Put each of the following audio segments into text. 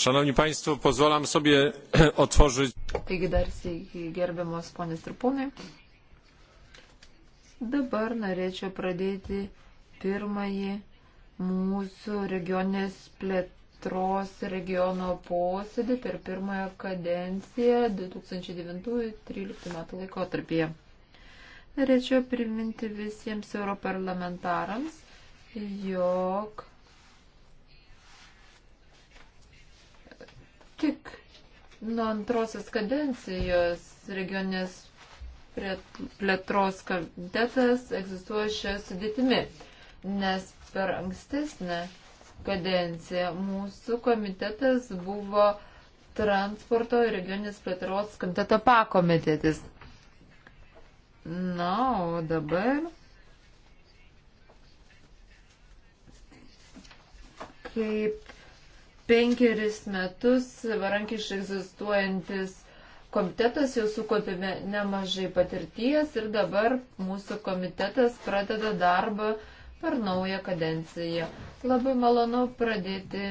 Szanowni Państwo, pozwalam sobie otworzyć. Taigi dar sveiki, gerbiamas ponės ir ponai. Dabar norėčiau pradėti pirmąjį mūsų regionės plėtros regiono posėdį per pirmąją kadenciją 2009-2013 metų laikotarpyje. Norėčiau priminti visiems europarlamentarams, jog tik nuo antrosios kadencijos regionės plėtros komitetas egzistuoja šią sudėtimi, nes per ankstesnę kadenciją mūsų komitetas buvo transporto ir regionės plėtros komiteto pakomitetis. Na, o dabar. Kaip penkeris metus varankiškai egzistuojantis komitetas jau sukopėme nemažai patirties ir dabar mūsų komitetas pradeda darbą per naują kadenciją. Labai malonu pradėti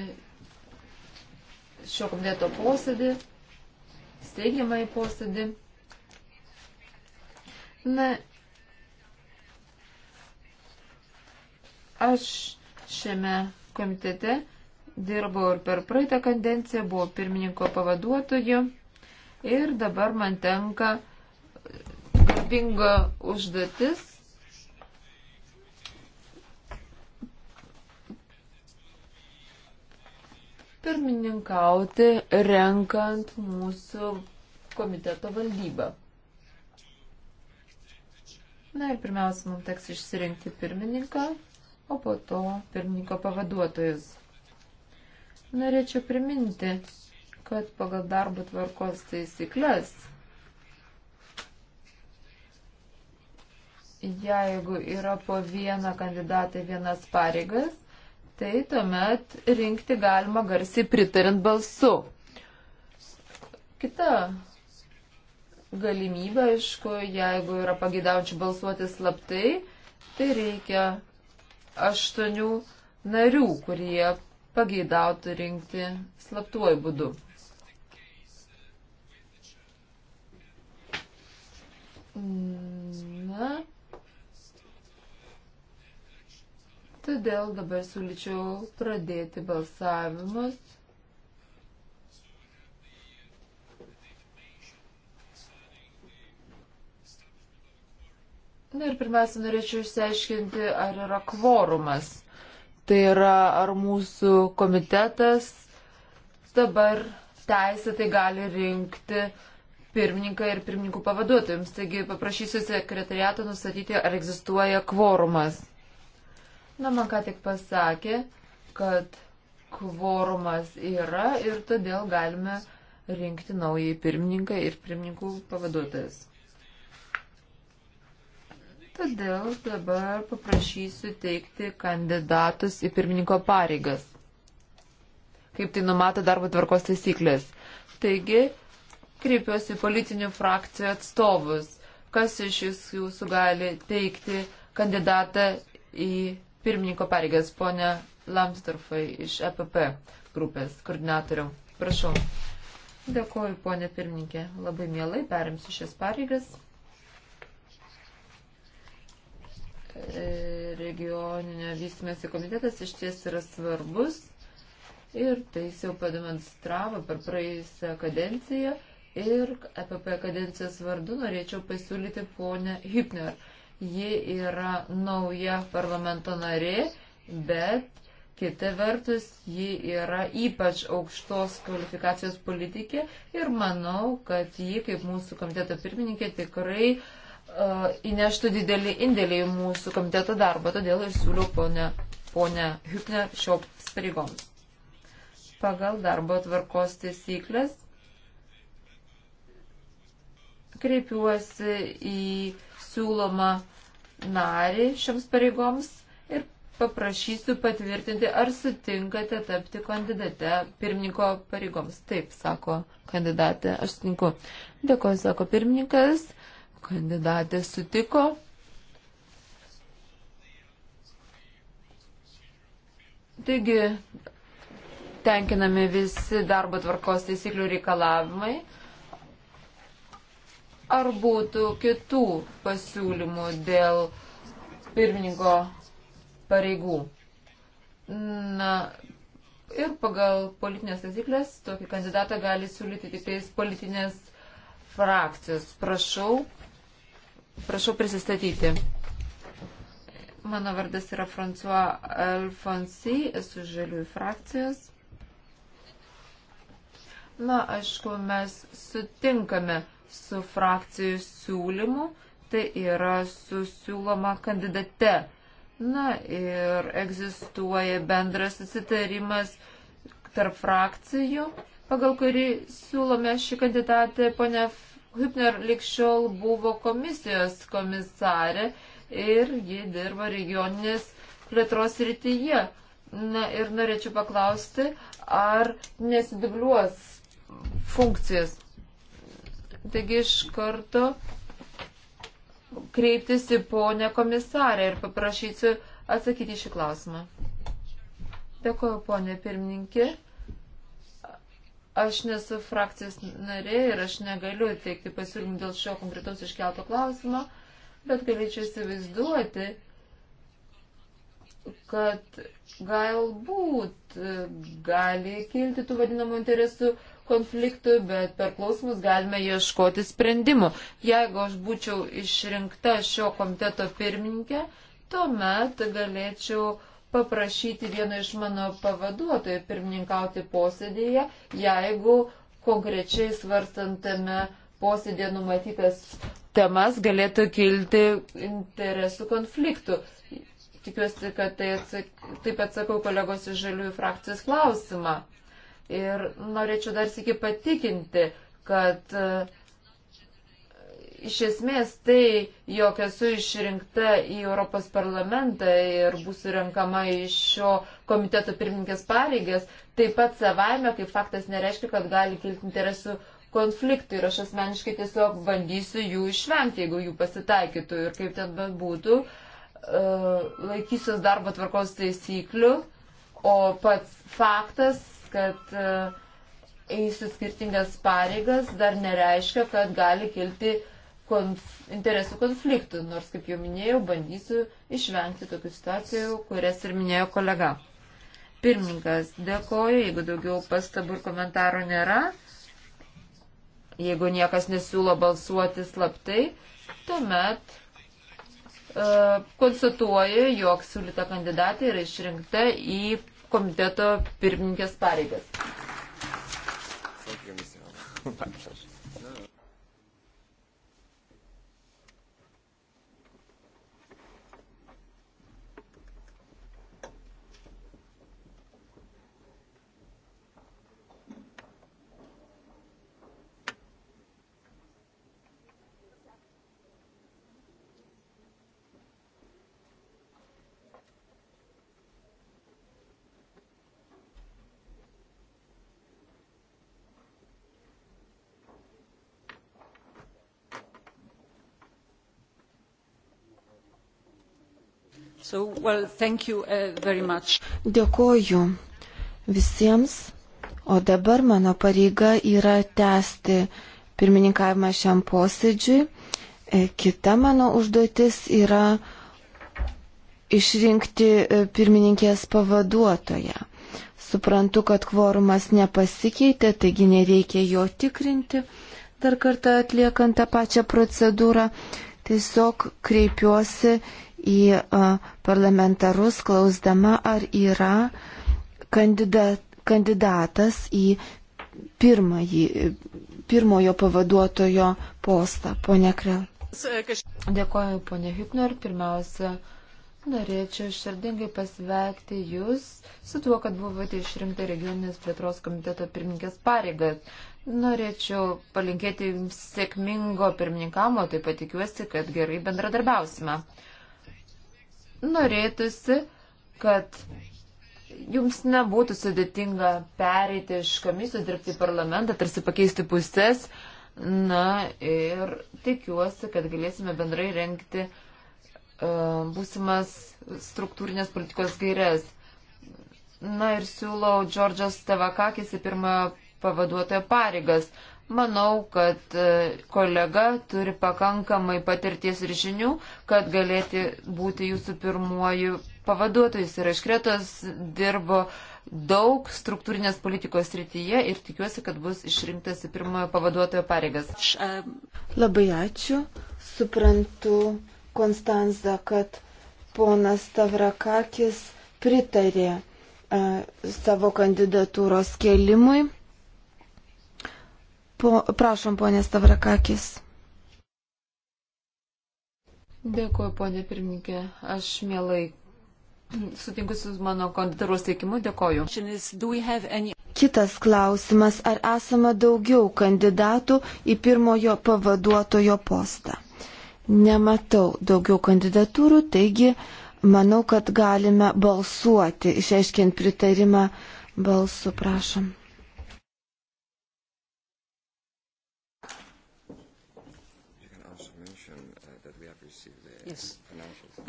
šio komiteto posėdį, steigiamąjį posėdį. Na, aš šiame komitete dirbau ir per praeitą kandenciją, buvau pirmininko pavaduotoju ir dabar man tenka garbinga užduotis pirmininkauti renkant mūsų komiteto valdybą. Na ir pirmiausia, mums teks išsirinkti pirmininką, o po to pirmininko pavaduotojus. Norėčiau priminti, kad pagal darbo tvarkos taisyklės, jeigu yra po vieną kandidatą vienas pareigas, tai tuomet rinkti galima garsiai pritarint balsu. Kita galimybė, aišku, jeigu yra pagidaučių balsuoti slaptai, tai reikia aštuonių narių, kurie pageidautų rinkti slaptuoju būdu. Na. Todėl dabar siūlyčiau pradėti balsavimus. Na ir pirmiausia, norėčiau išsiaiškinti, ar yra kvorumas. Tai yra, ar mūsų komitetas dabar teisėtai gali rinkti pirmininką ir pirmininkų pavaduotojams. Taigi paprašysiu sekretariato nustatyti, ar egzistuoja kvorumas. Na, man ką tik pasakė, kad kvorumas yra ir todėl galime rinkti naująjį pirmininką ir pirmininkų pavaduotojas. Todėl dabar paprašysiu teikti kandidatus į pirmininko pareigas. Kaip tai numato darbo tvarkos taisyklės. Taigi, kreipiuosi politinių frakcijų atstovus. Kas iš jūsų gali teikti kandidatą į pirmininko pareigas, ponia Lamsdorfai iš EPP grupės koordinatorių. Prašau. Dėkuoju, ponė pirmininkė. Labai mielai perimsiu šias pareigas. E, regioninio vystimėsi komitetas iš ties yra svarbus ir tai jis jau pademonstravo per praėjusią kadenciją ir EPP kadencijos vardu norėčiau pasiūlyti ponę Hübner. Ji yra nauja parlamento narė, bet kita vertus ji yra ypač aukštos kvalifikacijos politikė ir manau, kad ji kaip mūsų komiteto pirmininkė tikrai uh, E, įneštų didelį indėlį į mūsų komiteto darbą, todėl ir siūliau ponę, ponę Hüpner šioms pareigoms. Pagal darbo tvarkos taisyklės kreipiuosi į siūlomą narį šioms pareigoms ir paprašysiu patvirtinti, ar sutinkate tapti kandidate pirmininko pareigoms. Taip, sako kandidatė, aš sutinku. Dėkuoju, sako pirmininkas. Kandidatė sutiko. Taigi, tenkinami visi darbo tvarkos taisyklių reikalavimai. Ar būtų kitų pasiūlymų dėl pirmininko pareigų? Na, ir pagal politinės taisyklės tokį kandidatą gali siūlyti tik tais politinės frakcijos. Prašau Prašau prisistatyti. Mano vardas yra François Alfonsi, esu žaliųjų frakcijos. Na, aišku, mes sutinkame su frakcijų siūlymu, tai yra su siūloma kandidate. Na ir egzistuoja bendras susitarimas tarp frakcijų, pagal kurį siūlome šį kandidatę ponę Hübner likščiol buvo komisijos komisarė ir ji dirba regioninės plėtros rytyje. Na ir norėčiau paklausti, ar nesidubliuos funkcijas. Taigi iš karto kreiptis į ponę komisarę ir paprašysiu atsakyti šį klausimą. Dėkuoju, ponė pirmininkė. Aš nesu frakcijos narė ir aš negaliu teikti pasiūlymų dėl šio konkretaus iškelto klausimo, bet galėčiau įsivaizduoti, kad galbūt e, gali kilti tų vadinamų interesų konfliktų, bet per klausimus galime ieškoti sprendimų. Jeigu aš būčiau išrinkta šio komiteto pirmininkė, tuomet galėčiau paprašyti vieno iš mano pavaduotojų pirmininkauti posėdėje, jeigu konkrečiai svarstant tame posėdėje numatytas temas galėtų kilti interesų konfliktų. Tikiuosi, kad tai atsak... taip atsakau kolegos iš žaliųjų frakcijos klausimą. Ir norėčiau dar sėki patikinti, kad uh, iš esmės tai, jog esu išrinkta į Europos parlamentą ir būsiu renkama iš šio komiteto pirmininkės pareigas, taip pat savaime, kaip faktas nereiškia, kad gali kilti interesų konfliktų ir aš asmeniškai tiesiog bandysiu jų išvengti, jeigu jų pasitaikytų ir kaip ten bebūtų, e, laikysiuos darbo tvarkos taisyklių, o pats faktas, kad e, eisiu skirtingas pareigas, dar nereiškia, kad gali kilti konfliktų konf interesų konfliktų, nors, kaip jau minėjau, bandysiu išvengti tokių situacijų, kurias ir minėjo kolega. Pirmininkas, dėkoju, jeigu daugiau pastabų ir komentarų nėra, jeigu niekas nesiūlo balsuoti slaptai, tuomet e, konstatuoju, jog siūlyta kandidatė yra išrinkta į komiteto pirmininkės pareigas. Thank you, Mr. So, well, you, uh, Dėkoju visiems, o dabar mano pareiga yra tęsti pirmininkavimą šiam posėdžiui. E, kita mano užduotis yra išrinkti e, pirmininkės pavaduotoją. Suprantu, kad kvorumas nepasikeitė, taigi nereikia jo tikrinti. Dar kartą atliekant tą pačią procedūrą, tiesiog kreipiuosi į parlamentarus, klausdama, ar yra kandidat, kandidatas į pirmąjį, pirmojo pavaduotojo postą. Pone Krel. Dėkoju, ponė Hübner. Pirmiausia, norėčiau širdingai pasveikti Jūs su tuo, kad buvote išrinkta regioninės plėtros komiteto pirmininkės pareigas. Norėčiau palinkėti sėkmingo pirmininkamo, taip pat tikiuosi, kad gerai bendradarbiausime norėtųsi, kad jums nebūtų sudėtinga pereiti iš komisijos dirbti į parlamentą, tarsi pakeisti pusės. Na ir tikiuosi, kad galėsime bendrai renkti uh, būsimas struktūrinės politikos gairias. Na ir siūlau Džordžas Tevakakis į pirmą pavaduotojo pareigas. Uh, Manau, kad e, kolega turi pakankamai patirties ir žinių, kad galėti būti jūsų pirmuoju pavaduotojus ir iš Kretos dirbo daug struktūrinės politikos srityje ir tikiuosi, kad bus išrinktas į pirmojo pavaduotojo pareigas. Labai ačiū. Suprantu, Konstanza, kad ponas Tavrakakis pritarė e, savo kandidatūros kelimui. Po, prašom, ponė Stavrakakis. Dėkuoju, ponė pirmininkė. Aš mielai sutinku su mano kandidatūros teikimu. Dėkuoju. Kitas klausimas. Ar esama daugiau kandidatų į pirmojo pavaduotojo postą? Nematau daugiau kandidatūrų, taigi manau, kad galime balsuoti, išaiškint pritarimą balsu, prašom.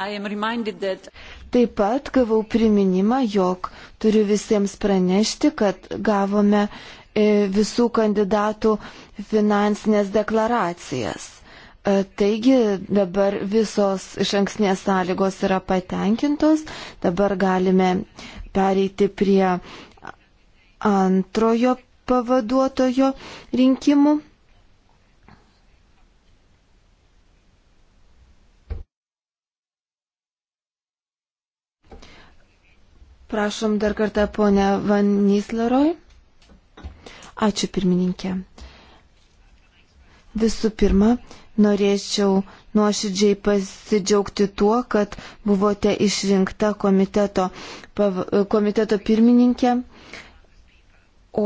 That... Taip pat gavau priminimą, jog turiu visiems pranešti, kad gavome e, visų kandidatų finansinės deklaracijas. E, taigi dabar visos iš anksnės sąlygos yra patenkintos, dabar galime pereiti prie antrojo pavaduotojo rinkimų. Prašom dar kartą ponę Van Nisleroj. Ačiū pirmininkė. Visų pirma, norėčiau nuoširdžiai pasidžiaugti tuo, kad buvote išrinkta komiteto, komiteto pirmininkė.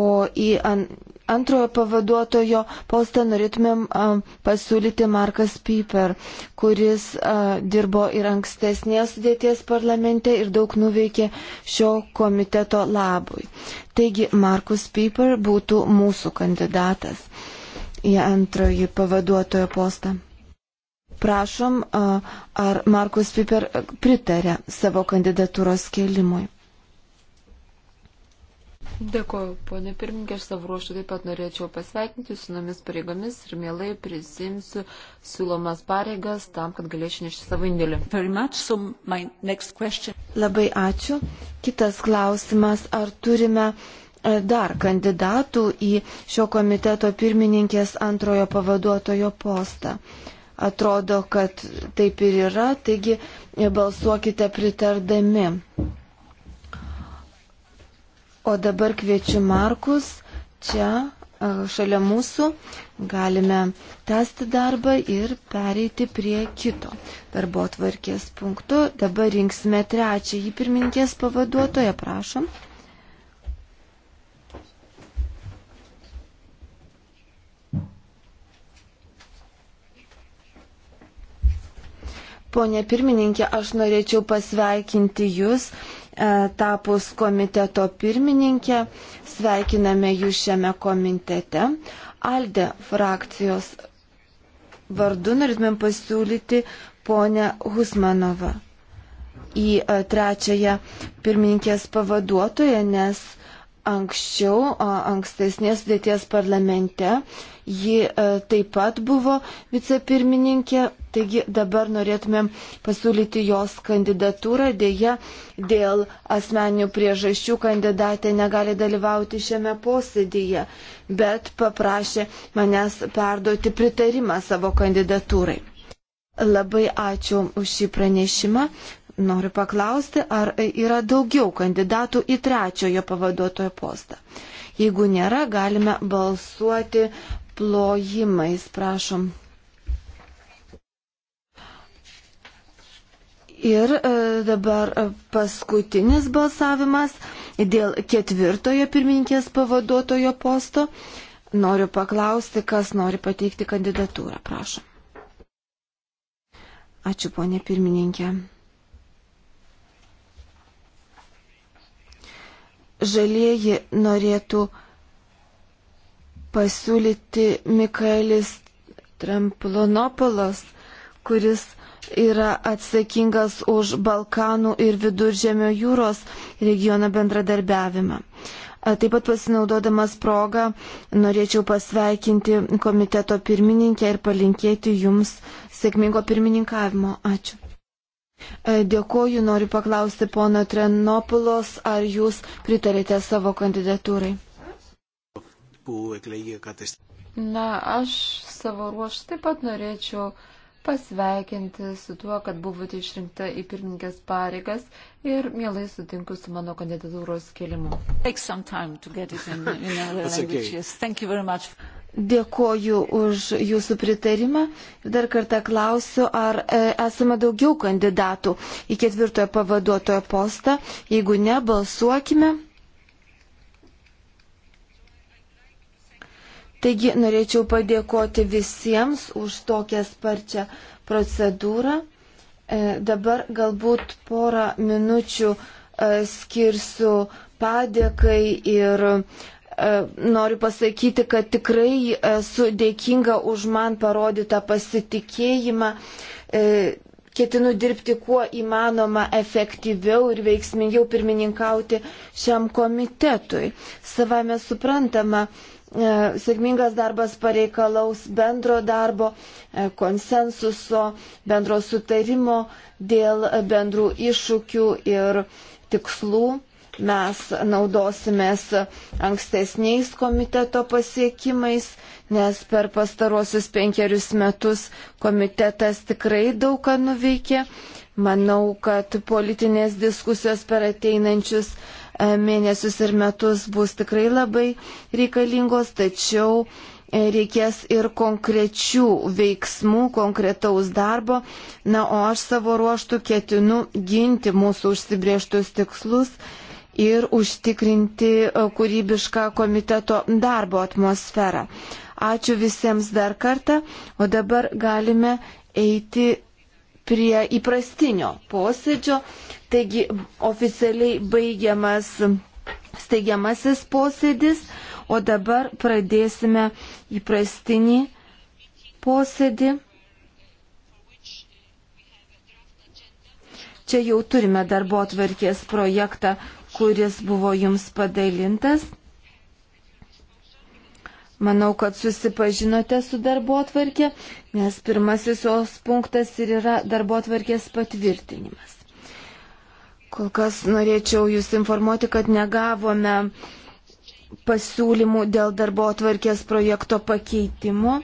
O į an, antrojo pavaduotojo postą norėtumėm pasiūlyti Markas Piper, kuris dirbo ir ankstesnės sudėties parlamente ir daug nuveikė šio komiteto labui. Taigi Markus Piper būtų mūsų kandidatas į antrojį pavaduotojo postą. Prašom, ar Markus Piper pritarė savo kandidatūros kelimui. Dėkuoju, ponė pirmininkė, aš savo ruoštų taip pat norėčiau pasveikinti su nomis pareigomis ir mielai prisimsiu siūlomas pareigas tam, kad galėčiau nešti savo indėlį. So Labai ačiū. Kitas klausimas, ar turime e, dar kandidatų į šio komiteto pirmininkės antrojo pavaduotojo postą? Atrodo, kad taip ir yra, taigi e, balsuokite pritardami. O dabar kviečiu Markus čia šalia mūsų. Galime tęsti darbą ir pereiti prie kito darbo tvarkės punkto. Dabar rinksime trečiąjį pirmininkės pavaduotoją, prašom. Pone pirmininkė, aš norėčiau pasveikinti Jūs E, tapus komiteto pirmininkė. Sveikiname jūs šiame komitete. Alde frakcijos vardu norėtumėm pasiūlyti ponę Husmanovą į e, trečiąją pirmininkės pavaduotoją, nes anksčiau, ankstesnės sudėties parlamente, ji e, taip pat buvo vicepirmininkė Taigi dabar norėtumėm pasiūlyti jos kandidatūrą, dėja dėl asmeninių priežasčių kandidatė negali dalyvauti šiame posėdėje, bet paprašė manęs perduoti pritarimą savo kandidatūrai. Labai ačiū už šį pranešimą. Noriu paklausti, ar yra daugiau kandidatų į trečiojo pavaduotojo postą. Jeigu nėra, galime balsuoti plojimais, prašom. Ir e, dabar e, paskutinis balsavimas dėl ketvirtojo pirmininkės pavaduotojo posto. Noriu paklausti, kas nori pateikti kandidatūrą, prašom. Ačiū, ponė pirmininkė. Žalieji norėtų pasiūlyti Mikaelis Tramplonopolos, kuris yra atsakingas už Balkanų ir Viduržėmio jūros regiono bendradarbiavimą. Taip pat pasinaudodamas progą norėčiau pasveikinti komiteto pirmininkę ir palinkėti jums sėkmingo pirmininkavimo. Ačiū. Dėkoju, noriu paklausti pono Trenopulos, ar jūs pritarėte savo kandidatūrai? Na, aš savo ruoštų taip pat norėčiau pasveikinti su tuo, kad buvote išrinkta į pirmininkės pareigas ir mielai sutinku su mano kandidatūros kelimu. Dėkoju už jūsų pritarimą. Dar kartą klausiu, ar e, esame daugiau kandidatų į ketvirtojo pavaduotojo postą. Jeigu ne, balsuokime. Taigi norėčiau padėkoti visiems už tokią sparčią procedūrą. E, dabar galbūt porą minučių e, skirsiu padėkai ir e, noriu pasakyti, kad tikrai esu dėkinga už man parodytą pasitikėjimą. E, ketinu dirbti kuo įmanoma efektyviau ir veiksmingiau pirmininkauti šiam komitetui. Savame suprantama, E, sėkmingas darbas pareikalaus bendro darbo, e, konsensuso, bendro sutarimo dėl bendrų iššūkių ir tikslų. Mes naudosimės ankstesniais komiteto pasiekimais, nes per pastarosius penkerius metus komitetas tikrai daug ką nuveikė. Manau, kad politinės diskusijos per ateinančius E, mėnesius ir metus bus tikrai labai reikalingos, tačiau e, reikės ir konkrečių veiksmų, konkretaus darbo. Na, o aš savo ruoštų ketinu ginti mūsų užsibrieštus tikslus ir užtikrinti e, kūrybišką komiteto darbo atmosferą. Ačiū visiems dar kartą, o dabar galime eiti prie įprastinio posėdžio. Taigi oficialiai baigiamas steigiamasis posėdis, o dabar pradėsime įprastinį posėdį. Čia jau turime darbo atvarkės projektą, kuris buvo jums padalintas. Manau, kad susipažinote su darbo atvarkė, nes pirmasis jos punktas ir yra darbo atvarkės patvirtinimas. Kol kas norėčiau Jūs informuoti, kad negavome pasiūlymų dėl darbo atvarkės projekto pakeitimo.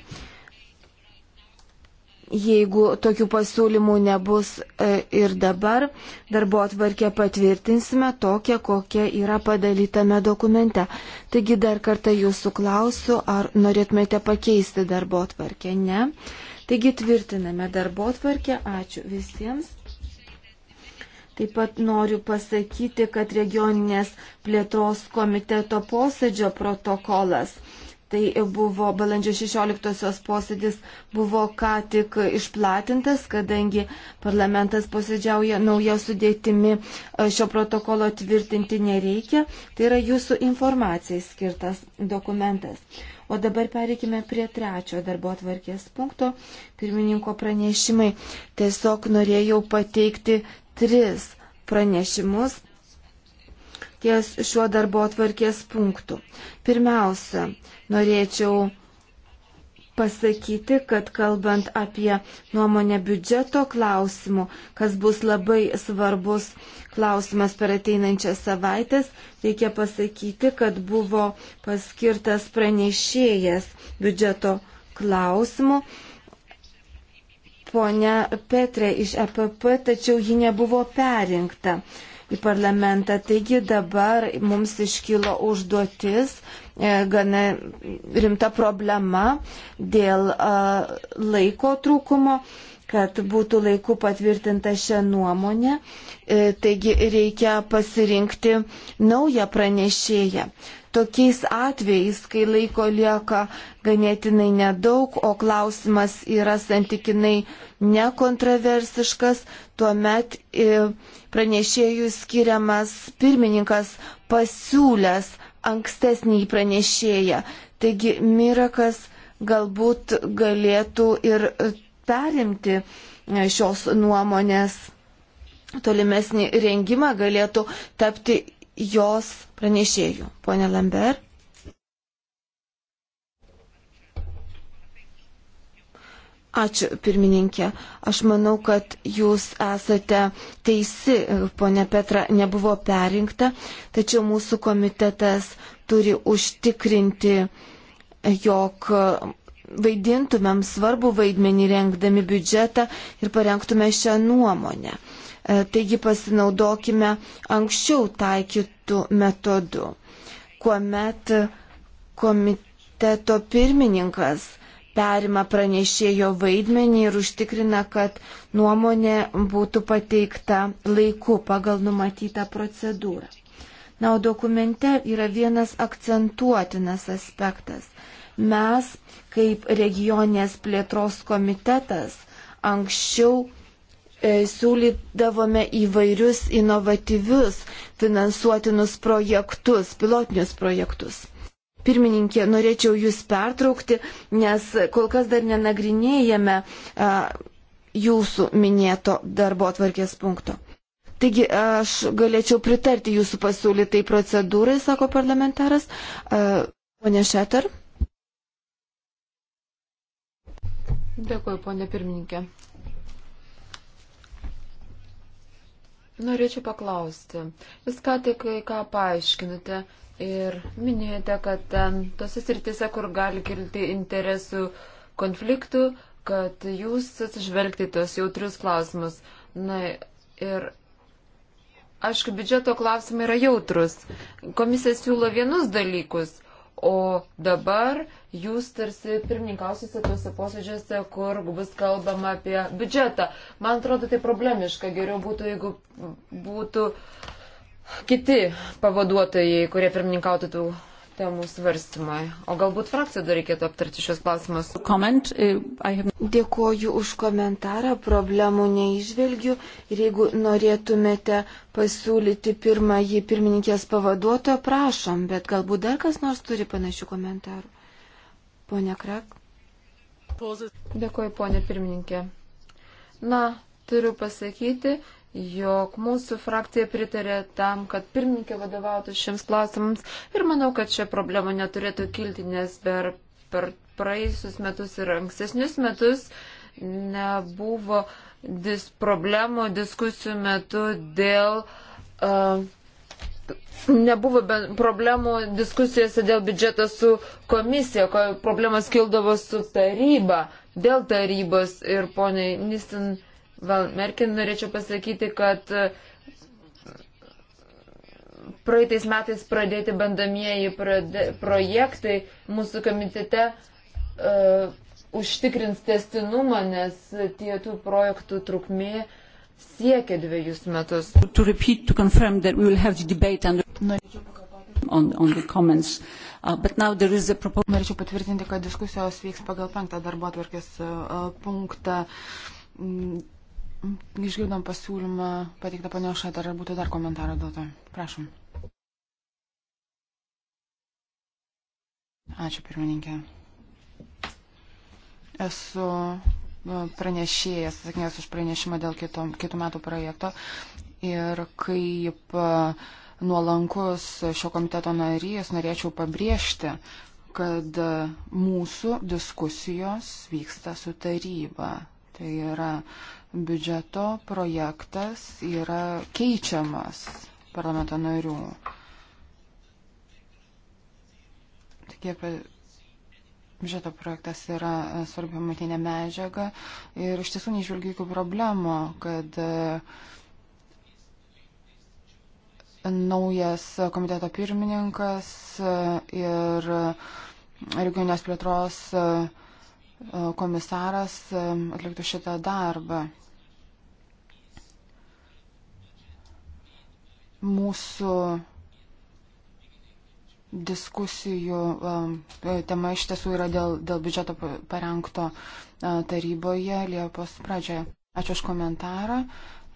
Jeigu tokių pasiūlymų nebus e, ir dabar, darbo atvarkę patvirtinsime tokią, kokia yra padalytame dokumente. Taigi dar kartą jūsų klausiu, ar norėtumėte pakeisti darbo atvarkę? Ne. Taigi tvirtiname darbo atvarkę. Ačiū visiems. Taip pat noriu pasakyti, kad regioninės plėtros komiteto posėdžio protokolas Tai buvo balandžio 16-osios posėdis, buvo ką tik išplatintas, kadangi parlamentas posėdžiauja nauja sudėtimi, e, šio protokolo tvirtinti nereikia. Tai yra jūsų informacijai skirtas dokumentas. O dabar pereikime prie trečio darbo atvarkės punkto. Pirmininko pranešimai. Tiesiog norėjau pateikti tris pranešimus ties šiuo darbo atvarkės punktu. Pirmiausia, norėčiau pasakyti, kad kalbant apie nuomonę biudžeto klausimų, kas bus labai svarbus klausimas per ateinančias savaitės, reikia pasakyti, kad buvo paskirtas pranešėjas biudžeto klausimų. Pone Petrė iš EPP, tačiau ji nebuvo perinkta į parlamentą. Taigi dabar mums iškilo užduotis e, gana rimta problema dėl laiko trūkumo kad būtų laiku patvirtinta šią nuomonę, e, taigi reikia pasirinkti naują pranešėją. Tokiais atvejais, kai laiko lieka ganėtinai nedaug, o klausimas yra santykinai nekontroversiškas, tuomet e, pranešėjų skiriamas pirmininkas pasiūlęs ankstesnį pranešėją. Taigi Mirakas galbūt galėtų ir perimti šios nuomonės tolimesnį rengimą galėtų tapti jos pranešėjų. Pone Lambert. Ačiū, pirmininkė. Aš manau, kad jūs esate teisi, ponė Petra, nebuvo perinkta, tačiau mūsų komitetas turi užtikrinti, jog vaidintumėm svarbu vaidmenį rengdami biudžetą ir parengtume šią nuomonę. E, taigi pasinaudokime anksčiau taikytų metodų, kuomet komiteto pirmininkas perima pranešėjo vaidmenį ir užtikrina, kad nuomonė būtų pateikta laiku pagal numatytą procedūrą. Na, o dokumente yra vienas akcentuotinas aspektas. Mes, kaip regionės plėtros komitetas, anksčiau e, siūlydavome įvairius inovatyvius finansuotinus projektus, pilotinius projektus. Pirmininkė, norėčiau Jūs pertraukti, nes kol kas dar nenagrinėjame a, e, Jūsų minėto darbo atvarkės punkto. Taigi aš galėčiau pritarti Jūsų pasiūlytai procedūrai, sako parlamentaras. A, e, Pone Šeter. Dėkuoju, ponė pirmininkė. Norėčiau paklausti. Jūs ką tik ką paaiškinote ir minėjote, kad ten tose sritise, kur gali kilti interesų konfliktų, kad jūs atsižvelgti tos jautrius klausimus. Na ir, aišku, biudžeto klausimai yra jautrus. Komisija siūlo vienus dalykus, O dabar jūs tarsi pirmininkausite tuose posėdžiuose, kur bus kalbama apie biudžetą. Man atrodo, tai problemiška. Geriau būtų, jeigu būtų kiti pavaduotojai, kurie pirmininkautų tų temų svarstymai. O galbūt frakcija dar reikėtų aptarti šios klausimus. Comment, e, have... Dėkoju už komentarą, problemų neižvelgiu ir jeigu norėtumėte pasiūlyti pirmąjį pirmininkės pavaduotoją, prašom, bet galbūt dar kas nors turi panašių komentarų. Pone Krak. Dėkoju, ponė pirmininkė. Na, turiu pasakyti, jog mūsų frakcija pritarė tam, kad pirmininkė vadovautų šiems klausimams ir manau, kad šią problemą neturėtų kilti, nes per, per praėjusius metus ir ankstesnius metus nebuvo dis problemų diskusijų metu dėl. Uh, Nebuvo problemų diskusijose dėl biudžeto su komisija, ko problemas kildavo su taryba, dėl tarybos ir poniai Nistin uh, Val Merkin norėčiau pasakyti, kad e, praeitais metais pradėti bandamieji prade, projektai mūsų komitete uh, užtikrins testinumą, nes tie tų projektų trukmė siekia dviejus metus. To repeat, to confirm that we will have the debate and norėčiau pakartoti on, on the comments. Uh, proposal... Norėčiau patvirtinti, kad diskusijos vyks pagal penktą darbo atvarkės uh, punktą. Mm Išgirdom pasiūlymą pateiktą panešą, ar būtų dar komentarą dėl to. Prašom. Ačiū pirmininkė. Esu nu, pranešėjas, atsakinės už pranešimą dėl kito, kitų metų projekto. Ir kaip nuolankus šio komiteto narys norėčiau pabrėžti, kad mūsų diskusijos vyksta su taryba. Tai yra biudžeto projektas yra keičiamas parlamento narių. Taigi apie biudžeto projektas yra svarbi pamatinė medžiaga ir iš tiesų neižvelgiu jokių problemų, kad e, naujas komiteto pirmininkas e, ir regionės plėtros uh, E, komisaras e, atliktų šitą darbą. Mūsų diskusijų e, tema iš tiesų yra dėl, dėl biudžeto parengto taryboje Liepos pradžioje. Ačiū už komentarą.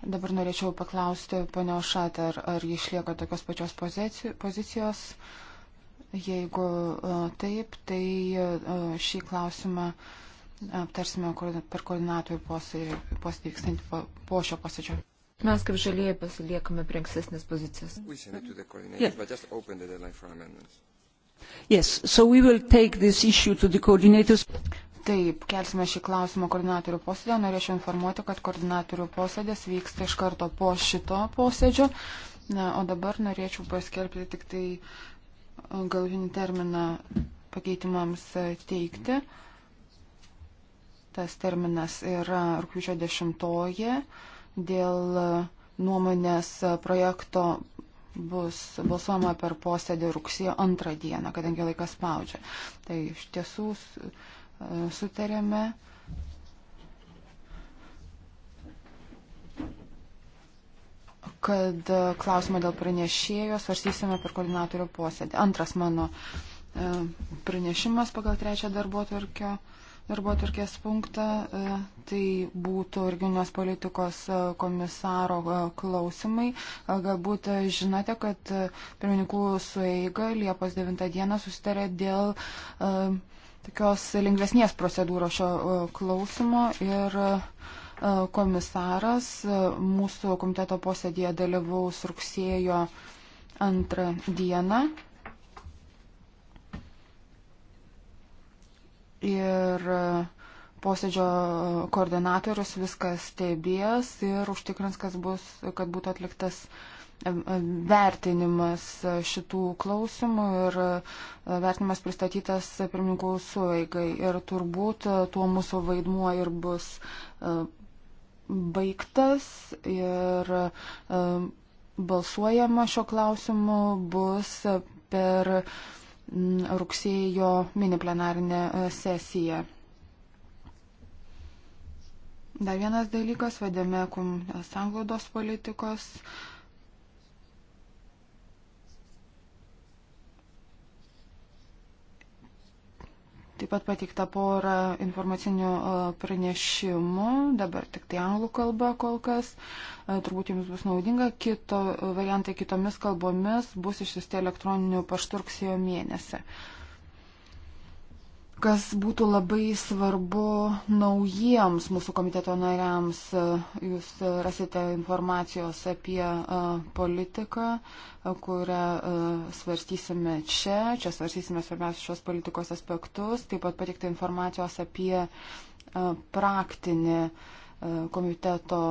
Dabar norėčiau paklausti ponio Šat, ar, ar išlieka tokios pačios pozicijos. Uh, Jeigu e, taip, tai e, šį klausimą aptarsime per koordinatorių posėdį vykstantį po, po šio posėdžio. Mes kaip žalieji pasiliekame prie ankstesnės pozicijos. Yes, so we will take this issue to the coordinators. Taip, kelsime šį klausimą koordinatorių posėdėje. Norėčiau informuoti, kad koordinatorių posėdės vyksta iš karto po šito posėdžio. Na, o dabar norėčiau paskelbti tik tai uh, galutinį terminą pakeitimams teikti. Tas terminas yra rūpiučio 10 dėl nuomonės projekto bus balsuojama per posėdį rugsėjo antrą dieną, kadangi laikas spaudžia. Tai iš tiesų e, sutarėme. kad e, klausimą dėl pranešėjo svarstysime per koordinatorių posėdį. Antras mano e, pranešimas pagal trečią darbotvarkę. Darbotvarkės punktą e, tai būtų regionės politikos komisaro klausimai. Galbūt žinote, kad pirmininkų sueiga Liepos 9 dieną susitarė dėl tokios lengvesnės procedūros šio klausimo ir uh, E, komisaras e, mūsų komiteto posėdėje dalyvaus rugsėjo antrą dieną. Ir e, posėdžio koordinatorius viskas stebės ir užtikrins, kas bus, kad būtų atliktas vertinimas šitų klausimų ir vertinimas pristatytas pirmininkų suveigai. Ir turbūt tuo mūsų vaidmuo ir bus baigtas ir balsuojama šio klausimu bus per rugsėjo mini plenarinę e, sesiją. Dar vienas dalykas, vedėme e, sanglaudos politikos Taip pat pateikta pora informacinių e, pranešimų, dabar tik tai anglų kalba kol kas, e, turbūt jums bus naudinga, kito, e, variantai kitomis kalbomis bus išsiusti elektroniniu paštu rugsėjo mėnesį kas būtų labai svarbu naujiems mūsų komiteto nariams. Jūs rasite informacijos apie politiką, kurią svarstysime čia. Čia svarstysime svarbiausius šios politikos aspektus. Taip pat patikta informacijos apie praktinį komiteto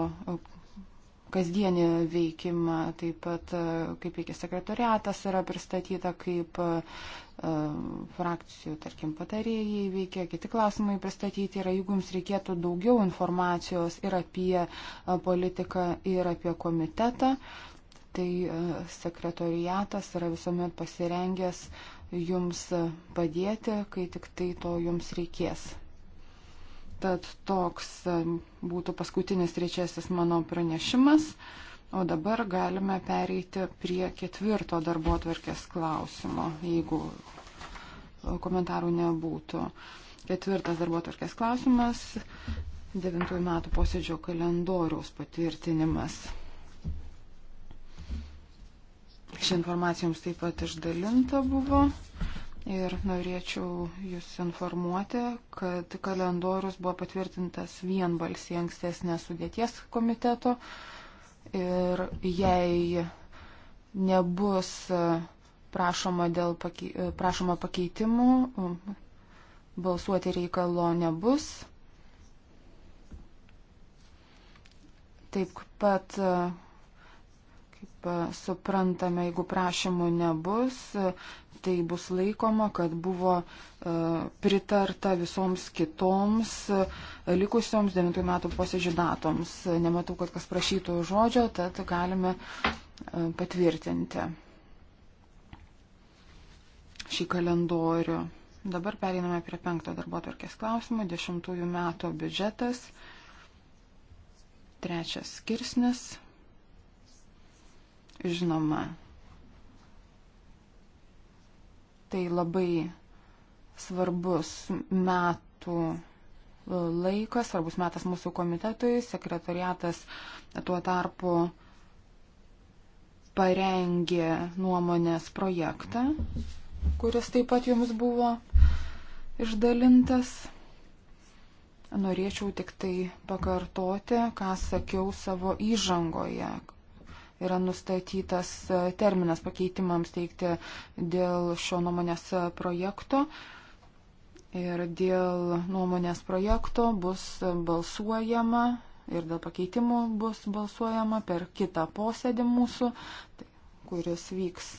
kasdienį veikimą, taip pat e, kaip veikia sekretariatas yra pristatyta, kaip e, e, frakcijų, tarkim, patarėjai veikia, kiti klausimai pristatyti yra, jeigu jums reikėtų daugiau informacijos ir apie politiką, ir apie komitetą, tai sekretariatas yra visuomet pasirengęs jums padėti, kai tik tai to jums reikės. Tad toks būtų paskutinis trečiasis mano pranešimas. O dabar galime pereiti prie ketvirto darbo atvarkės klausimo, jeigu e, komentarų nebūtų. Ketvirtas darbo atvarkės klausimas - devintųjų metų posėdžio kalendoriaus patvirtinimas. Ši informacija jums taip pat išdalinta buvo. Ir norėčiau Jūs informuoti, kad kalendorius buvo patvirtintas vienbalsiai ankstesnės sudėties komiteto. Ir jei nebus prašoma, dėl pakei, prašoma pakeitimų, balsuoti reikalo nebus. Taip pat suprantame, jeigu prašymų nebus, tai bus laikoma, kad buvo e, pritarta visoms kitoms e, likusioms 9 metų posėdžių datoms. Nematau, kad kas prašytų žodžio, tad galime e, patvirtinti šį kalendorių. Dabar pereiname prie penkto darbo tvarkės klausimo, dešimtųjų metų biudžetas, trečias skirsnis. Žinoma, Tai labai svarbus metų laikas, svarbus metas mūsų komitetui. Sekretariatas tuo tarpu parengė nuomonės projektą, kuris taip pat jums buvo išdalintas. Norėčiau tik tai pakartoti, ką sakiau savo įžangoje, yra nustatytas e, terminas pakeitimams teikti dėl šio nuomonės e, projekto. Ir dėl nuomonės projekto bus balsuojama ir dėl pakeitimų bus balsuojama per kitą posėdį mūsų, tai, kuris vyks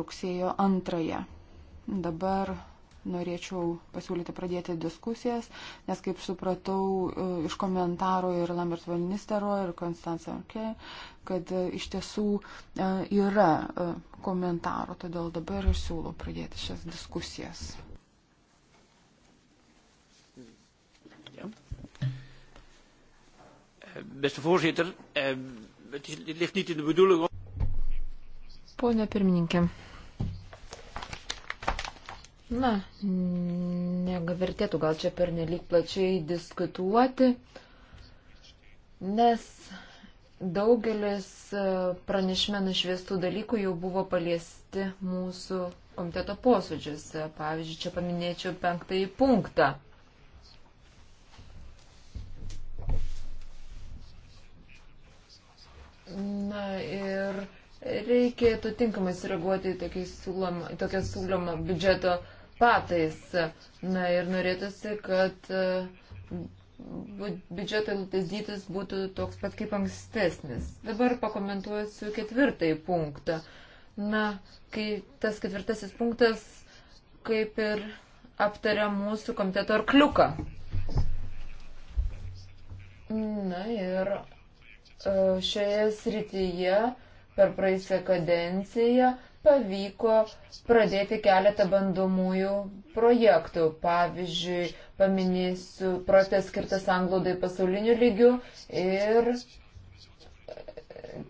rugsėjo antrąją. Dabar norėčiau pasiūlyti pradėti diskusijas, nes kaip supratau e, iš komentaro ir Lambert Van Nistero ir Konstantin Arke, kad e, iš tiesų e, yra komentaro, todėl dabar ir siūlau pradėti šias diskusijas. Beste voorzitter, eh, het ligt niet in de bedoeling om. Pone pirmininkė, Na, negavertėtų gal čia per nelik plačiai diskutuoti, nes daugelis e, pranešime nušviestų dalykų jau buvo paliesti mūsų komiteto posėdžiuose. Pavyzdžiui, čia paminėčiau penktąjį punktą. Na ir reikėtų tinkamai sureaguoti į tokią siūlomą biudžeto uh, patais. Na ir norėtųsi, kad e, biudžeto eilutės dydis būtų toks pat kaip ankstesnis. Dabar pakomentuosiu ketvirtąjį punktą. Na, kai tas ketvirtasis punktas kaip ir aptaria mūsų komiteto arkliuką. Na ir e, šioje srityje per praeisę kadenciją pavyko pradėti keletą bandomųjų projektų. Pavyzdžiui, paminėsiu projektą skirtą sanglaudai pasauliniu lygiu ir e,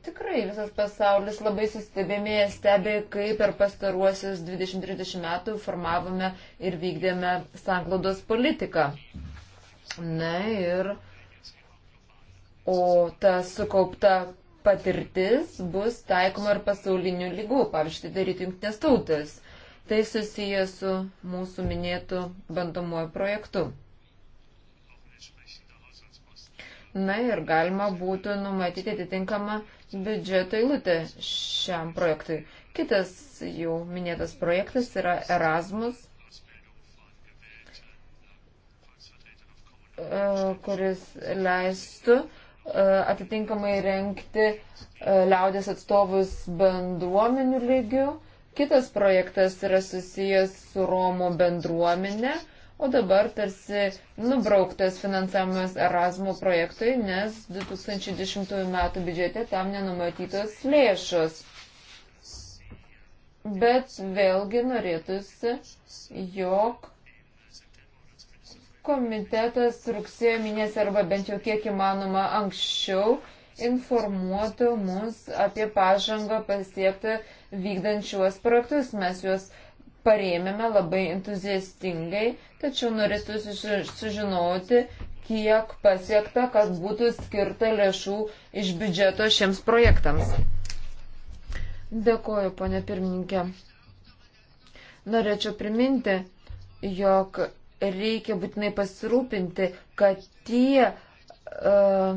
tikrai visas pasaulis labai sustebėmėje stebė, kaip per pastaruosius 20-30 metų formavome ir vykdėme sanglaudos politiką. Na ir, o ta sukaupta patirtis bus taikoma ir pasaulinių lygų, pavyzdžiui, tai daryti jungtinės tautas. Tai susiję su mūsų minėtu bandomuoju projektu. Na ir galima būtų numatyti atitinkamą biudžeto eilutę šiam projektui. Kitas jau minėtas projektas yra Erasmus, e, kuris leistų uh, E, atitinkamai renkti e, liaudės atstovus bendruomenių lygių. Kitas projektas yra susijęs su Romo bendruomenė, o dabar tarsi nubrauktas finansavimas Erasmo projektui, nes 2010 m. biudžete tam nenumatytos lėšos. Bet vėlgi norėtųsi, jog komitetas rugsėjo mėnesį arba bent jau kiek įmanoma anksčiau informuotų mus apie pažangą pasiekti vykdančiuos projektus. Mes juos parėmėme labai entuziastingai, tačiau norėtų sužinoti, kiek pasiekta, kad būtų skirta lėšų iš biudžeto šiems projektams. Dėkoju, ponė pirmininkė. Norėčiau priminti, jog reikia būtinai pasirūpinti, kad tie uh,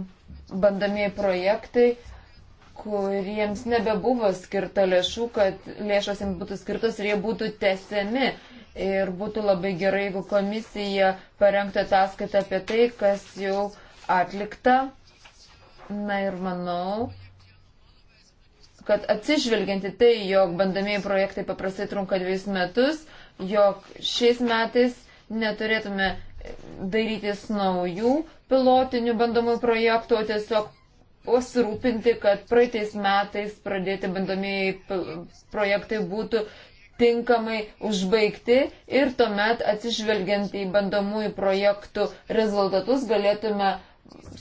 bandomieji projektai, kuriems nebebuvo skirta lėšų, kad lėšos jiems būtų skirtos ir jie būtų tesiami. Ir būtų labai gerai, jeigu komisija parengtų ataskaitą apie tai, kas jau atlikta. Na ir manau, kad atsižvelgianti tai, jog bandomieji projektai paprastai trunka dviejus metus, jog šiais metais neturėtume darytis naujų pilotinių bandomų projektų, o tiesiog pasirūpinti, kad praeitais metais pradėti bandomieji projektai būtų tinkamai užbaigti ir tuomet atsižvelgiant į bandomųjų projektų rezultatus galėtume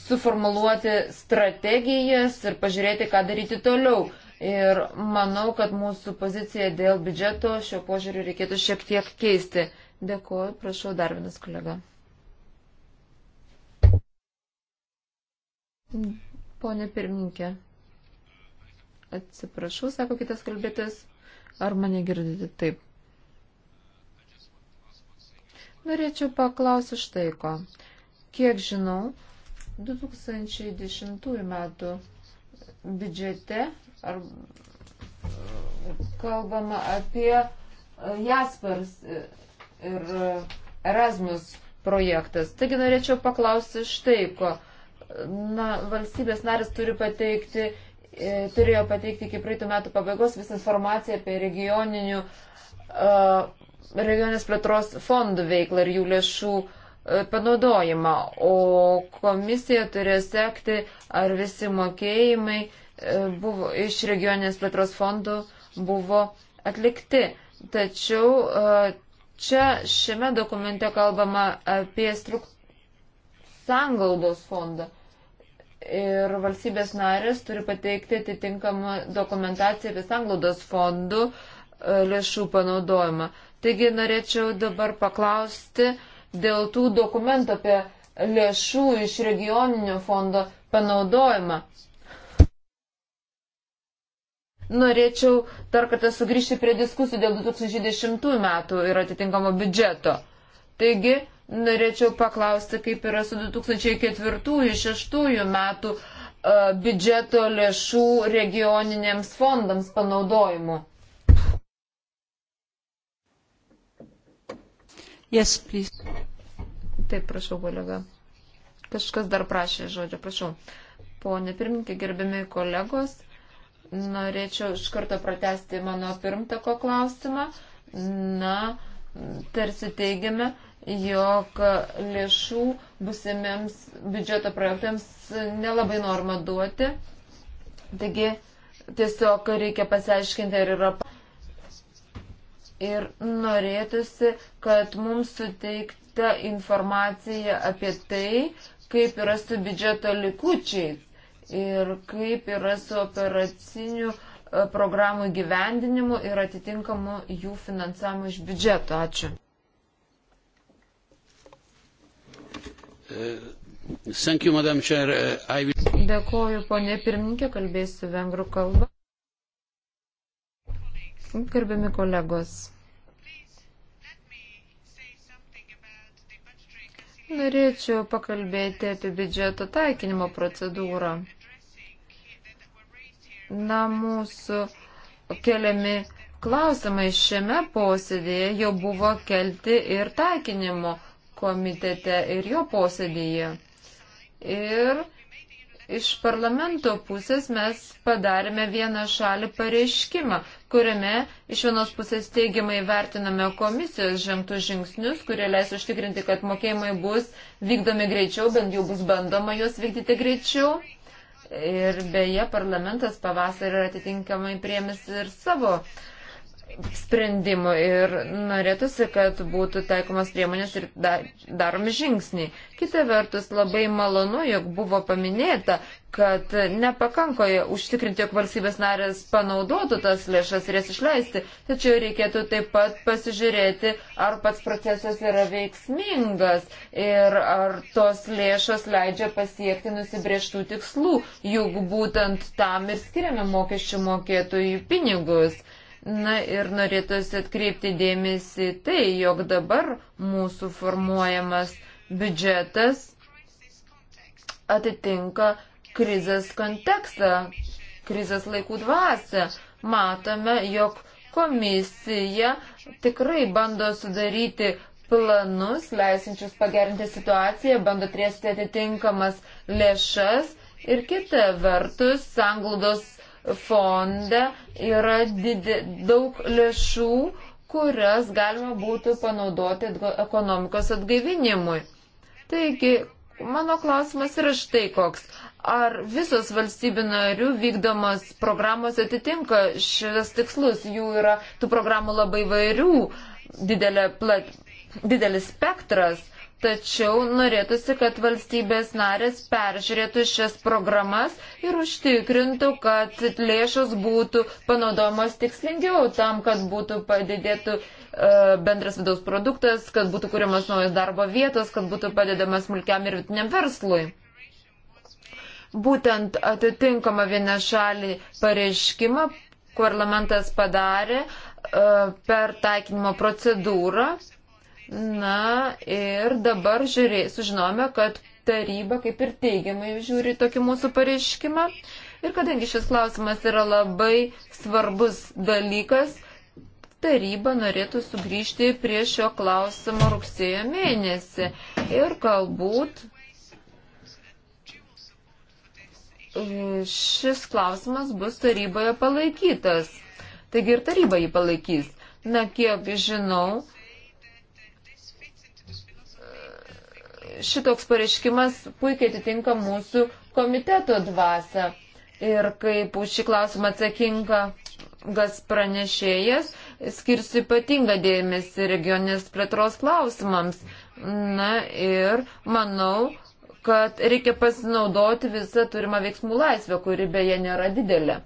suformuluoti strategijas ir pažiūrėti, ką daryti toliau. Ir manau, kad mūsų poziciją dėl biudžeto šio požiūriu reikėtų šiek tiek keisti. Dėkuoju, prašau dar vienas kolega. Pone pirmininkė, atsiprašau, sako kitas kalbėtas, ar mane girdite taip. Norėčiau paklausyti štai ko. Kiek žinau, 2010 metų biudžete ar, kalbama apie e, Jaspers e, ir e, Erasmus projektas. Taigi norėčiau paklausti štai ko. Na, valstybės narės turi pateikti, e, turėjo pateikti iki praeitų metų pabaigos visą informaciją apie regioninių, e, regionės plėtros fondų veiklą ir jų lėšų e, panaudojimą, o komisija turės sekti, ar visi mokėjimai e, buvo, iš regioninės plėtros fondų buvo atlikti. Tačiau e, Čia šiame dokumente kalbama apie struk... sangaldos fondą. Ir valstybės narės turi pateikti atitinkamą dokumentaciją apie sanglaudos fondų e, lėšų panaudojimą. Taigi norėčiau dabar paklausti dėl tų dokumentų apie lėšų iš regioninio fondo panaudojimą norėčiau dar kartą sugrįžti prie diskusijų dėl 2010 metų ir atitinkamo biudžeto. Taigi, norėčiau paklausti, kaip yra su 2004-2006 metų uh, biudžeto lėšų regioninėms fondams panaudojimu. Yes, please. Taip, prašau, kolega. Kažkas dar prašė žodžio, prašau. Pone pirmininkė, gerbiami kolegos, Norėčiau iš karto pratesti mano pirmtako klausimą. Na, tarsi teigiame, jog lėšų busimiems biudžeto projektams nelabai norma duoti. Taigi tiesiog reikia pasiaiškinti, ar yra. Ir norėtųsi, kad mums suteikta informacija apie tai, kaip yra su biudžeto likučiais ir kaip yra su operaciniu e, programų gyvendinimu ir atitinkamu jų finansavimu iš biudžeto. Ačiū. E, e, Dėkoju, ponė pirmininkė, kalbėsiu vengrų kalbą. Gerbiami kolegos. Norėčiau pakalbėti apie biudžeto taikinimo procedūrą. Na, mūsų keliami klausimai šiame posėdėje jau buvo kelti ir taikinimo komitete ir jo posėdėje. Ir Iš parlamento pusės mes padarėme vieną šalį pareiškimą, kuriame iš vienos pusės teigiamai vertiname komisijos žengtus žingsnius, kurie leis užtikrinti, kad mokėjimai bus vykdomi greičiau, bent jau bus bandoma juos vykdyti greičiau. Ir beje, parlamentas pavasarį atitinkamai priemis ir savo uh, sprendimų ir norėtųsi, kad būtų taikomas priemonės ir daromi žingsniai. Kita vertus, labai malonu, jog buvo paminėta, kad nepakankoja užtikrinti, jog valstybės narės panaudotų tas lėšas ir jas išleisti, tačiau reikėtų taip pat pasižiūrėti, ar pats procesas yra veiksmingas ir ar tos lėšos leidžia pasiekti nusibrieštų tikslų, juk būtent tam ir skiriame mokesčių mokėtojų pinigus. Na ir norėtųsi atkreipti dėmesį tai, jog dabar mūsų formuojamas biudžetas atitinka krizės kontekstą, krizės laikų dvasę. Matome, jog komisija tikrai bando sudaryti planus, leisinčius pagerinti situaciją, bando triesti atitinkamas lėšas ir kita vertus, sanglaudos fonde yra didi, daug lėšų, kurias galima būtų panaudoti ekonomikos atgaivinimui. Taigi, mano klausimas yra štai koks. Ar visos valstybių narių vykdomos programos atitinka šitas tikslus? Jų yra tų programų labai vairių, didelė, plat, didelis spektras. Tačiau norėtųsi, kad valstybės narės peržiūrėtų šias programas ir užtikrintų, kad lėšos būtų panaudojamos tikslingiau tam, kad būtų padidėtų e, bendras vidaus produktas, kad būtų kuriamas naujas darbo vietos, kad būtų padedamas smulkiam ir vidutiniam verslui. Būtent atitinkama viena šalį pareiškimą parlamentas padarė e, per taikinimo procedūrą Na ir dabar žiūrė, sužinome, kad taryba kaip ir teigiamai žiūri tokį mūsų pareiškimą. Ir kadangi šis klausimas yra labai svarbus dalykas, taryba norėtų sugrįžti prie šio klausimo rugsėjo mėnesį. Ir galbūt e, šis klausimas bus taryboje palaikytas. Taigi ir taryba jį palaikys. Na, kiek žinau, šitoks pareiškimas puikiai atitinka mūsų komiteto dvasę. Ir kaip už šį klausimą atsakingas pranešėjas, skirsiu ypatingą dėmesį regionės plėtros klausimams. Na ir manau, kad reikia pasinaudoti visą turimą veiksmų laisvę, kuri beje nėra didelė.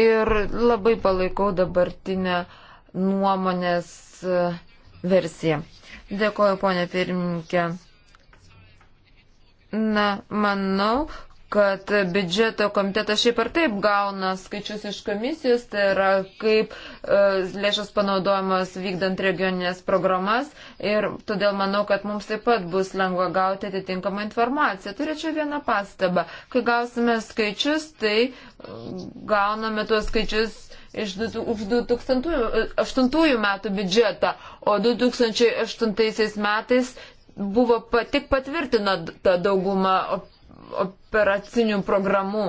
Ir labai palaikau dabartinę uh, nuomonės e, versiją. Dėkoju, ponė pirmininkė. Na, manau, kad biudžeto komitetas šiaip ar taip gauna skaičius iš komisijos, tai yra kaip e, lėšos panaudojamos vykdant regioninės programas ir todėl manau, kad mums taip pat bus lengva gauti atitinkamą informaciją. Turėčiau vieną pastabą. Kai gausime skaičius, tai e, gauname tuos skaičius iš 2008 e, metų biudžetą, o 2008 metais buvo pat, tik patvirtina ta dauguma operacinių programų.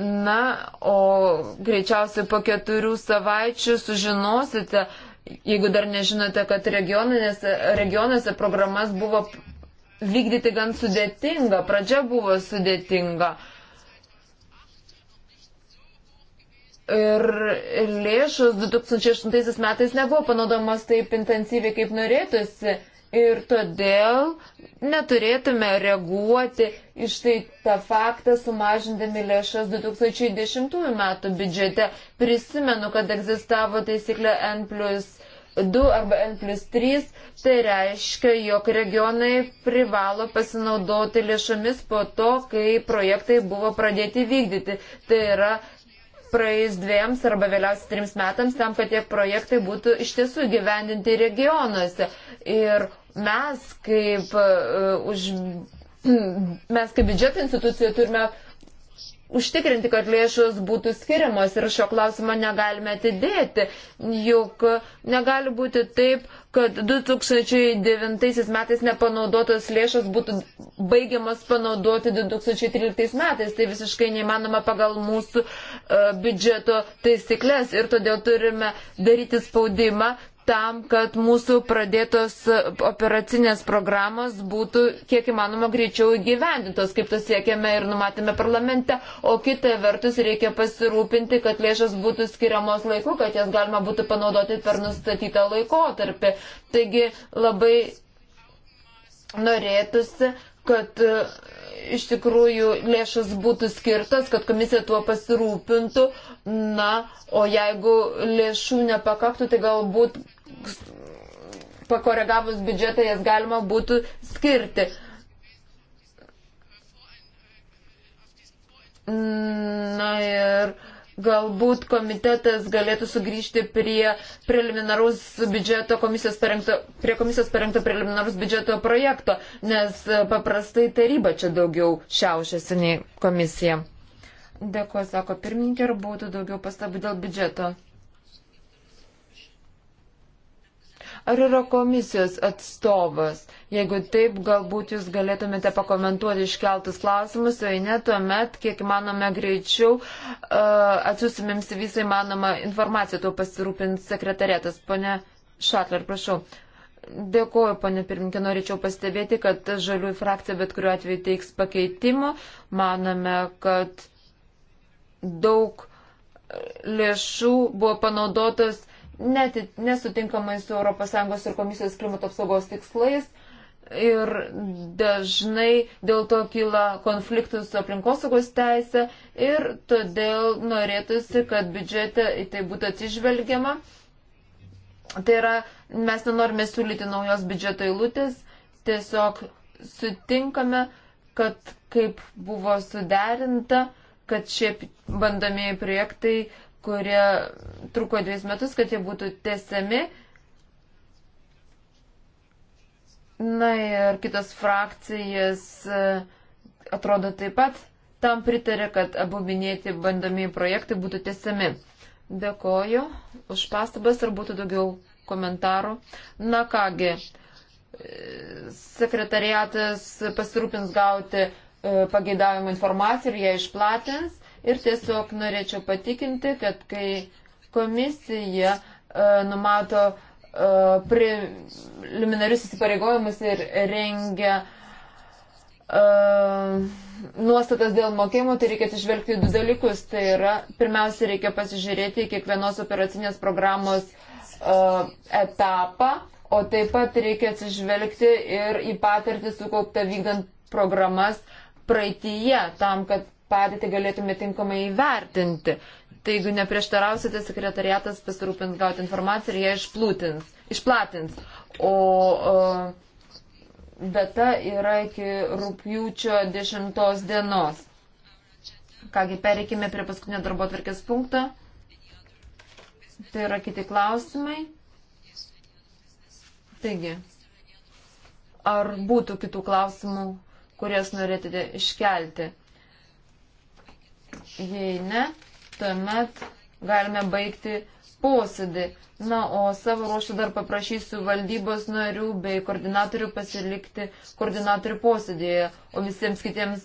Na, o greičiausiai po keturių savaičių sužinosite, jeigu dar nežinote, kad regionuose programas buvo vykdyti gan sudėtinga, pradžia buvo sudėtinga. Ir lėšos 2008 metais nebuvo panaudomas taip intensyviai, kaip norėtųsi. Ir todėl neturėtume reaguoti iš tai tą faktą sumažindami lėšas 2010 metų biudžete. Prisimenu, kad egzistavo taisyklė N plus 2 arba N plus 3, tai reiškia, jog regionai privalo pasinaudoti lėšomis po to, kai projektai buvo pradėti vykdyti. Tai yra praėjus dviems arba vėliausiai trims metams tam, kad tie projektai būtų iš tiesų gyvendinti regionuose. Ir mes kaip, uh, už, mes kaip biudžeto institucija turime uh, užtikrinti, kad lėšos būtų skiriamos ir šio klausimo negalime atidėti, juk negali būti taip, kad 2009 metais nepanaudotos lėšos būtų baigiamas panaudoti 2013 metais. Tai visiškai neįmanoma pagal mūsų uh, biudžeto taisyklės ir todėl turime daryti spaudimą, tam, kad mūsų pradėtos operacinės programos būtų kiek įmanoma greičiau įgyvendintos, kaip to siekėme ir numatėme parlamente, o kitą vertus reikia pasirūpinti, kad lėšas būtų skiriamos laiku, kad jas galima būtų panaudoti per nustatytą laikotarpį. Taigi labai norėtųsi, kad uh, iš tikrųjų lėšas būtų skirtas, kad komisija tuo pasirūpintų. Na, o jeigu lėšų nepakaktų, tai galbūt pakoregavus biudžetą jas galima būtų skirti. Na ir uh, Galbūt komitetas galėtų sugrįžti prie preliminarus biudžeto komisijos parengto, prie komisijos parengto preliminarus biudžeto projekto, nes e, paprastai taryba čia daugiau šiaušiasi nei komisija. Dėkuoju, sako pirmininkė, ir būtų daugiau pastabų dėl biudžeto. Ar yra komisijos atstovas? Jeigu taip, galbūt jūs galėtumėte pakomentuoti iškeltus klausimus, o jei ne, tuomet, kiek manome greičiau, uh, atsiusimėms visą įmanomą informaciją, tuo pasirūpins sekretarėtas. Pone Šatler, prašau. Dėkuoju, panė pirminkė, norėčiau pastebėti, kad žaliųjų frakcija bet kuriuo atveju teiks pakeitimų. Maname, kad daug lėšų buvo panaudotas net, nesutinkamai su ES ir komisijos klimato apsaugos tikslais. Ir dažnai dėl to kyla konfliktų su aplinkosaugos teise ir todėl norėtųsi, kad biudžete į tai būtų atsižvelgiama. Tai yra, mes nenorime siūlyti naujos biudžeto eilutės, tiesiog sutinkame, kad kaip buvo suderinta, kad šie bandomieji projektai kurie truko dvies metus, kad jie būtų tesiami. Na ir kitos frakcijas e, atrodo taip pat tam pritarė, kad abu minėti bandomieji projektai būtų tesiami. Dėkoju už pastabas, ar būtų daugiau komentarų. Na kągi, e, sekretariatas pasirūpins gauti e, pageidavimą informaciją ir ją išplatins ir tiesiog norėčiau patikinti, kad kai komisija e, numato e, preliminarius įsipareigojimus ir rengia Uh, nuostatas dėl mokėjimų, tai reikia atsižvelgti du dalykus. Tai yra, pirmiausia, reikia pasižiūrėti kiekvienos operacinės programos uh, etapą, o taip pat reikia atsižvelgti ir į patirtį sukauptą vykdant programas praeitįje, tam, kad padėtį galėtume tinkamai įvertinti. Tai jeigu neprieštarausite, sekretariatas pasirūpins gauti informaciją ir ją išplūtins, išplatins. O, o data yra iki rūpjūčio 10 dienos. Kągi, pereikime prie paskutinio darbo atvarkės punkto. Tai yra kiti klausimai. Taigi, ar būtų kitų klausimų, kurias norėtumėte iškelti? Jei ne, tuomet galime baigti posėdį. Na, o savo ruoštų dar paprašysiu valdybos narių bei koordinatorių pasilikti koordinatorių posėdėje, o visiems kitiems